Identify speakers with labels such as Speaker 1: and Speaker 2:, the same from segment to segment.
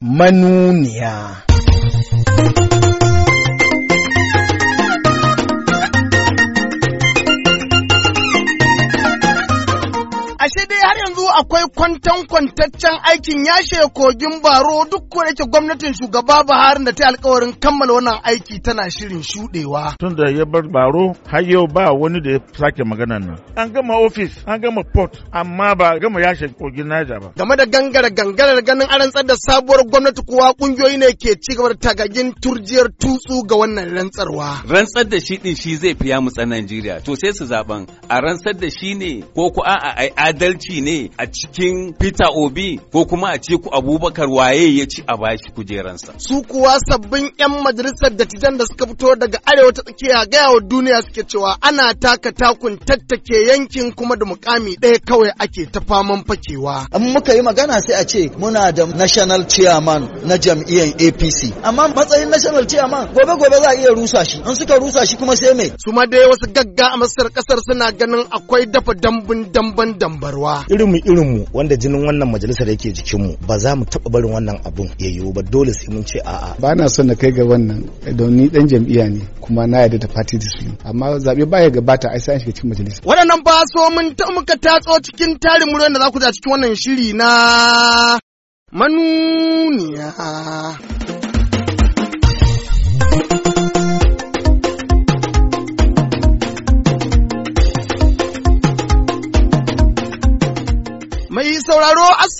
Speaker 1: manuniya.
Speaker 2: akwai kwantan kwantaccen aikin yashe kogin baro duk ko yake gwamnatin shugaba Buhari da ta alkawarin kammala wannan aiki tana shirin
Speaker 3: shudewa. Tun da ya bar baro har yau ba wani da ya sake magana nan. An gama ofis, an gama port, amma ba gama yashe kogin Niger ba. Game da gangara gangarar ganin an rantsar da sabuwar
Speaker 2: gwamnati kuwa kungiyoyi ne ke ci gaba da tagagin turjiyar tutsu ga wannan rantsarwa.
Speaker 4: Rantsar da shi din shi zai fi mu tsan Najeriya. To sai su zaben a rantsar da shi ne ko ku a'a ai adalci ne a a cikin Peter Obi ko kuma a ce ku Abubakar waye ya ci a bashi kujeransa.
Speaker 2: Su kuwa sabbin 'yan majalisar dattijan da suka fito daga arewa ta tsakiya gaya wa duniya suke cewa ana taka takun tattake yankin kuma da mukami ɗaya kawai ake ta faman fakewa.
Speaker 5: An muka yi magana sai a ce muna da national chairman na jam'iyyar APC. Amma matsayin national chairman gobe gobe za a iya rusa shi. An suka rusa shi kuma sai me? Su ma dai wasu gagga a masar kasar suna ganin akwai dafa dambun damban
Speaker 2: dambarwa.
Speaker 6: Irin mu mu wanda jinin wannan majalisar yake mu ba za mu taba barin wannan abun
Speaker 1: ya ba dole sai mun ce a'a. Ba na son na kai ga wannan don ni dan jam'iyya ne kuma na yarda da party discipline amma zaɓe baya gabata ai sai an shiga cikin majalisa.
Speaker 2: Waɗannan ba so mun ta muka tatso cikin tarin muryar da za ku ja cikin wannan shiri na manuniya.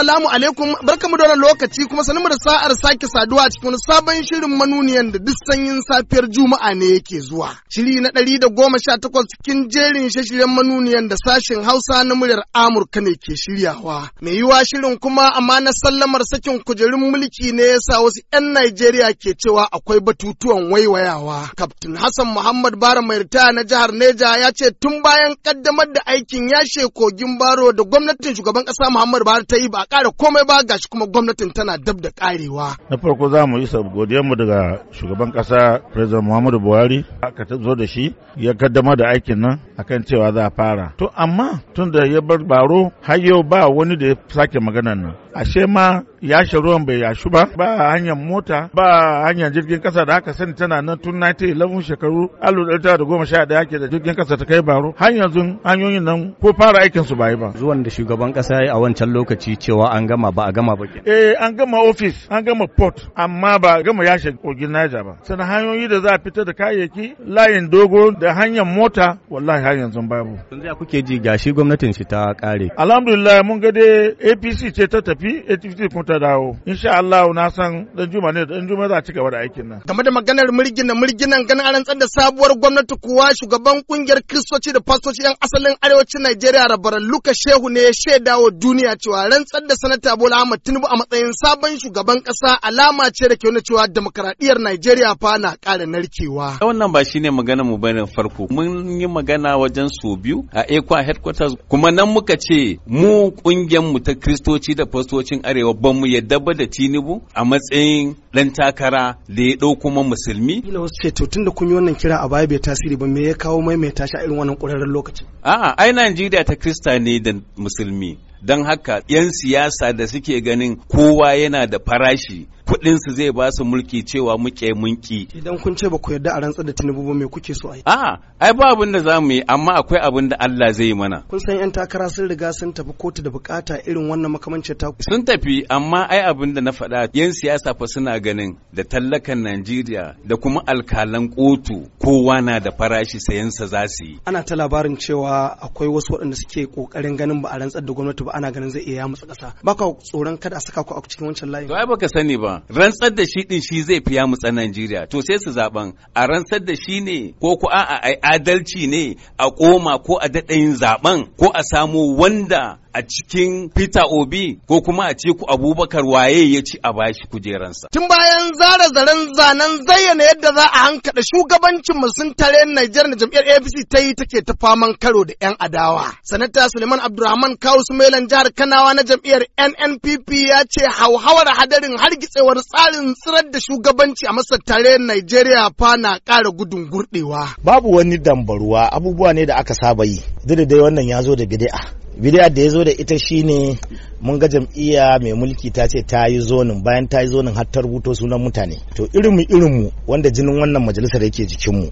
Speaker 2: Assalamu alaikum barkamu da wannan lokaci kuma sanin da sa'ar sake saduwa cikin sabon shirin manuniyan da duk sanyin safiyar Juma'a ne yake zuwa. Shiri na ɗari da goma sha takwas cikin jerin shashiren manuniyan da sashen Hausa na muryar Amurka ne ke shiryawa. Mai yiwa shirin kuma amma na sallamar sakin kujerun mulki ne ya sa wasu 'yan Najeriya ke cewa akwai batutuwan waiwayawa. Kaftin Hassan Muhammad Bara mai ritaya na jihar Neja ya ce tun bayan kaddamar da aikin yashe kogin baro da gwamnatin shugaban ƙasa Muhammad Bara ta yi ba ƙara komai ba gashi kuma gwamnatin tana dab da
Speaker 3: ƙarewa. Na farko za mu isa mu daga shugaban ƙasa President Muhammadu Buhari aka zo da shi ya kaddama da aikin nan akan cewa za a fara. To amma tun da ya bar baro har yau ba wani da ya sake maganar nan. ashe ma yashe ruwan bai yashu ba ba hanyar mota ba hanyar jirgin kasa da aka sani tana nan tun 1911 shekaru 1911 ke da jirgin kasa ta kai baro har yanzu hanyoyin nan ko fara aikin su bai
Speaker 1: ba zuwan da shugaban kasa ya yi a wancan lokaci cewa an gama ba a gama ba
Speaker 3: eh an gama ofis an gama port amma ba a gama yashe kogin Niger ba sanan hanyoyi da za a fitar da kayayyaki layin dogo da hanyar mota wallahi har yanzu babu
Speaker 4: yanzu kuke ji gashi gwamnatin shi ta kare
Speaker 3: alhamdulillah mun ga dai APC ce ta tafi tafi HFT kuma ta dawo insha Allah na san dan juma ne dan juma za ci gaba da aikin nan game da
Speaker 2: maganar mirgina
Speaker 3: mirginan ganin an rantsar da
Speaker 2: sabuwar gwamnati kuwa shugaban kungiyar kristoci da fastoci yan asalin arewacin Najeriya rabar Luka Shehu ne ya shaida wa duniya cewa rantsar da sanata Bola Ahmed Tinubu a matsayin sabon shugaban kasa alama ce da ke nuna cewa demokradiyyar Najeriya fa na ƙara narkewa
Speaker 4: wannan ba shine magana mu bane farko mun yi magana wajen su biyu a Ekwa headquarters kuma nan muka ce mu kungiyar mu ta kristoci da fastoci kiristocin arewa ba mu yadda ba da tinubu a matsayin dan takara da ya ɗau kuma musulmi
Speaker 2: ina wasu ce to da kun yi wannan kira a baya bai tasiri ba me ya kawo maimaita shi a irin wannan ƙwararren lokacin.
Speaker 4: a'a ai najeriya ta krista ne da musulmi don haka 'yan siyasa da suke ganin kowa yana da farashi kuɗinsu zai ba su mulki cewa muke munki.
Speaker 2: Idan kun ce ba ku yarda a rantsar da Tinubu ba me
Speaker 4: kuke so ai? A'a, ai ba abin da za mu yi amma akwai abin da Allah zai yi mana.
Speaker 2: Kun san 'yan takara sun riga sun tafi kotu da bukata irin wannan makamancin ta.
Speaker 4: Sun tafi amma ai abin da na faɗa 'yan siyasa fa suna ganin da tallakan Najeriya da kuma alkalan kotu kowa na da farashi sayansa za su
Speaker 2: yi. Ana ta labarin cewa akwai wasu waɗanda suke ƙoƙarin ganin ba a rantsar da gwamnati ba ba ana ganin zai iya ya mutsa ƙasa baka tsoron kada a saka ku a cikin wancan layin
Speaker 4: to ai baka sani ba rantsar da shi din shi zai fi ya mutsa Najeriya to sai su zaben a rantsar da shi ne ko ku a'a ai adalci ne a koma ko a daɗayin zaben ko a samo wanda a cikin Peter Obi ko kuma a ce ku Abubakar waye ya ci a bashi kujeransa.
Speaker 2: Tun bayan zara zaren zanen zayyana yadda za a hankada shugabancin sun tare Nijar na jam'iyyar APC ta yi take ta faman karo da 'yan adawa. Sanata Suleiman Abdulrahman Kawu Sumailan jihar Kanawa na jam'iyyar NNPP ya ce hauhawar hadarin hargitsewar tsarin tsirar da shugabanci a masar tare Najeriya fa na ƙara gudun gurɗewa.
Speaker 6: Babu wani dambaruwa abubuwa ne da aka saba yi. Dida dai wannan ya zo da bid'a. bidiyar da ya zo da ita shine mun ga jam'iyya mai mulki ta ce ta yi zonin bayan ta yi zonin har ta rubuto sunan mutane to irinmu irinmu wanda jinin wannan majalisar yake jikinmu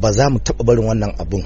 Speaker 6: ba za mu taɓa barin wannan abun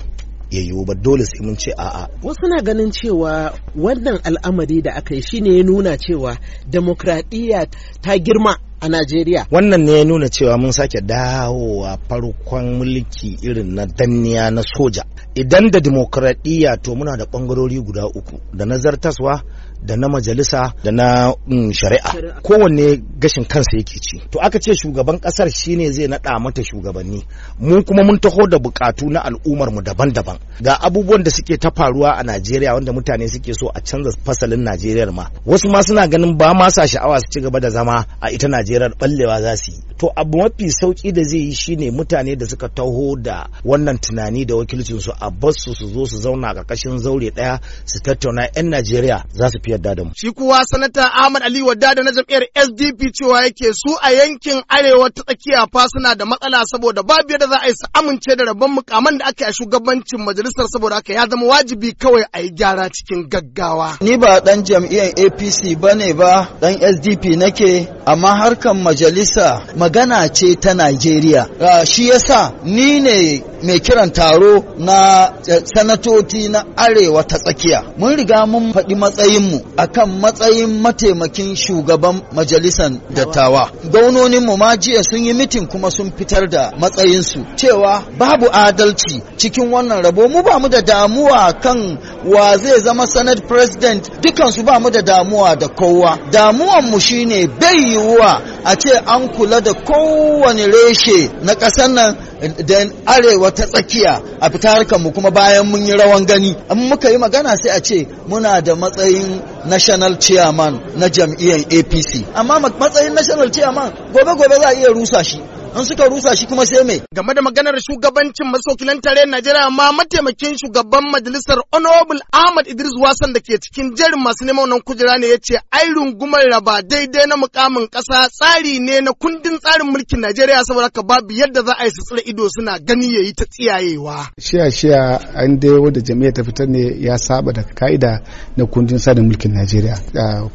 Speaker 6: ya yiwu ba dole sai mun ce a'a. Wasu na ganin cewa wannan al'amari da aka yi shine ya nuna cewa demokradiyya ta girma a Najeriya. Wannan ne ya nuna cewa mun sake dawowa farkon mulki irin na danniya na soja. Idan da dimokuraɗiyya to muna da ɓangarori guda uku da na zartaswa da na majalisa da na mm, shari'a kowanne gashin kansa yake ci to aka ce shugaban kasar shine zai naɗa mata shugabanni mu kuma mun taho da bukatu na al'ummar mu daban-daban ga abubuwan da suke ta faruwa a Najeriya wanda mutane suke so a canza fasalin Najeriya ma wasu ma suna ganin ba ma sa sha'awa su ci gaba da zama a ita Najeriya kujerar ballewa za su yi to abu mafi sauki da zai yi shine mutane da suka taho da wannan tunani da wakilcin su a basu su zo su zauna a ƙarƙashin zaure ɗaya su tattauna 'yan najeriya za su fi yarda da mu shi kuwa sanata ahmad ali wadda da na jam'iyyar sdp cewa
Speaker 2: yake su a yankin arewa ta tsakiya fa suna da matsala saboda babu yadda za a yi su amince da rabon mukaman da aka yi a shugabancin majalisar saboda haka ya zama wajibi kawai a yi gyara cikin gaggawa
Speaker 5: ni ba dan jam'iyyar apc bane ba dan sdp nake amma har harkan majalisa magana ce ta Najeriya. Ah, shi yasa ni ne mai kiran taro na eh, sanatoci na arewa ta tsakiya. Mun riga mun faɗi matsayinmu a kan matsayin mataimakin shugaban majalisan dattawa. Gaunoninmu ma jiya sun yi mitin kuma sun fitar da matsayinsu cewa babu adalci cikin wannan rabo mu ba mu da damuwa kan wa zai zama senate president dukansu ba mu da damuwa da kowa. Damuwanmu shine bai yiwuwa a ce an kula da kowane reshe na ƙasar nan da arewa ta tsakiya a fita harkar mu kuma bayan mun yi rawan gani in muka yi magana sai a ce muna da matsayin national chairman na jam'iyyar apc amma matsayin national chairman gobe gobe za a iya rusa shi an suka rusa shi kuma sai mai. Game da maganar shugabancin
Speaker 2: masokilan tare Najeriya ma mataimakin shugaban majalisar Honorable Ahmad Idris Wasan da ke cikin jerin masu neman wannan kujera ne ya ce ai rungumar raba daidai na mukamin kasa tsari ne na kundin tsarin mulkin Najeriya saboda ka babu yadda za a yi su ido suna gani ya yi ta tsiyayewa.
Speaker 1: Shiya shiya an dai wanda jami'a ta fitar ne ya saba da ka'ida na kundin tsarin mulkin Najeriya.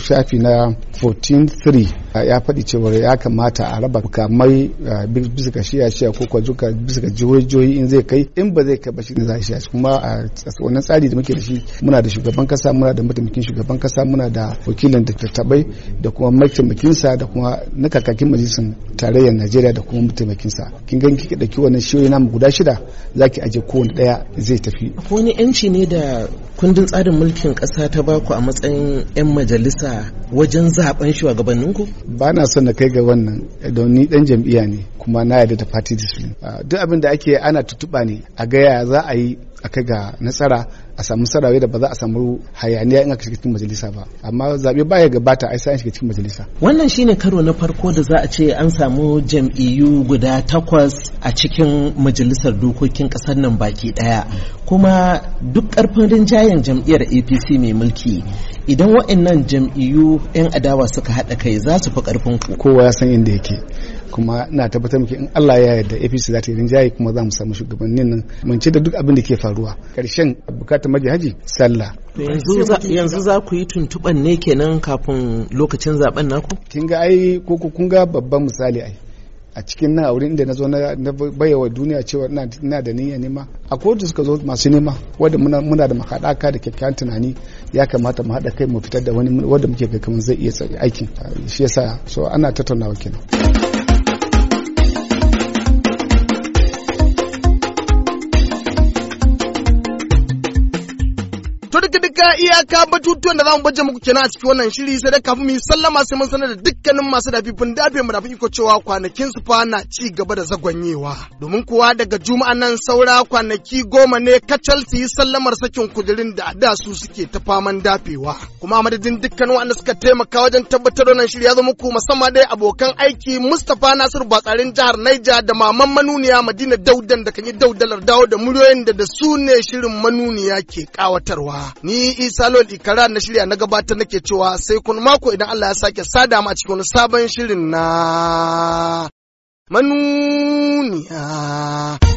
Speaker 1: Shafi na 14.3 ya faɗi cewar ya kamata a raba kamai bisa ka shiya shiya ko kwa ka bisa ga jihohi in zai kai in ba zai kai ba shi ne za a shiya kuma a wannan tsari da muke da shi muna da shugaban kasa muna da mataimakin shugaban kasa muna da wakilin dattabai da kuma mataimakinsa da kuma na kakakin majalisar tarayyar najeriya da kuma mataimakinsa kin gan ki dauki wannan shiyoyi namu guda shida zaki aje kowane daya zai tafi wani yanci ne da kundin tsarin mulkin kasa
Speaker 6: ta baku a matsayin yan majalisa wajen zaben shugabanninku
Speaker 1: ba na son na kai ga wannan don ni dan jam'iyya ne kuma na yarda da party discipline ah, duk abin da ake ana tutuba ne a gaya za a yi a kai ga nasara a samu sarawe da ba za a samu hayaniya in aka shiga cikin majalisa ba amma zabe ya gabata ai sai shiga cikin majalisa
Speaker 6: wannan shine karo na farko da za a ce an samu jam'iyyu guda takwas a cikin majalisar dokokin kasar nan baki daya kuma duk karfin rinjayen jam'iyyar APC mai
Speaker 1: mulki idan waɗannan jam'iyyu 'yan adawa suka haɗa kai za su fi karfin kowa ya san inda yake kuma na tabbatar miki in Allah ya yarda APC za ta yi rinjaye kuma za mu samu shugabannin nan mun ci da duk abin da ke faruwa karshen bukatar maji haji sallah yanzu za ku yi tuntuban ne kenan kafin lokacin zaben naku kin ga ai ko kun ga babban misali ai a cikin na wurin inda na zo na bayawa duniya cewa ina da niyya nema a kotu suka zo masu nema wadda muna da makaɗaka da kyakkyawan tunani ya kamata mu haɗa kai mu fitar da wani wadda muke ga kamar zai iya aikin shi yasa so ana tattaunawa kenan
Speaker 2: To duka duka iyaka batutuwan da za mu baje muku kenan a cikin wannan shiri sai da kafin mu yi sallama sai mun sanar da dukkanin masu dafifin dafe mu dafin iko cewa kwanakin su fa na ci gaba da zagwanyewa. Domin kuwa daga juma'a nan saura kwanaki goma ne kacal su yi sallamar sakin kudirin da da su suke ta faman dafewa. Kuma madadin dukkan waɗanda suka taimaka wajen tabbatar wannan shiri ya zo muku musamman dai abokan aiki Mustapha Nasir Batsarin jihar Niger da maman manuniya Madina Daudan da kan yi daudalar dawo da muryoyin da da su ne shirin manuniya ke kawatarwa. Ni Isa Lol Ikara na shirya na gabatar nake cewa sai kun mako idan Allah ya sake sada mu a cikin sabon shirin na manuniya.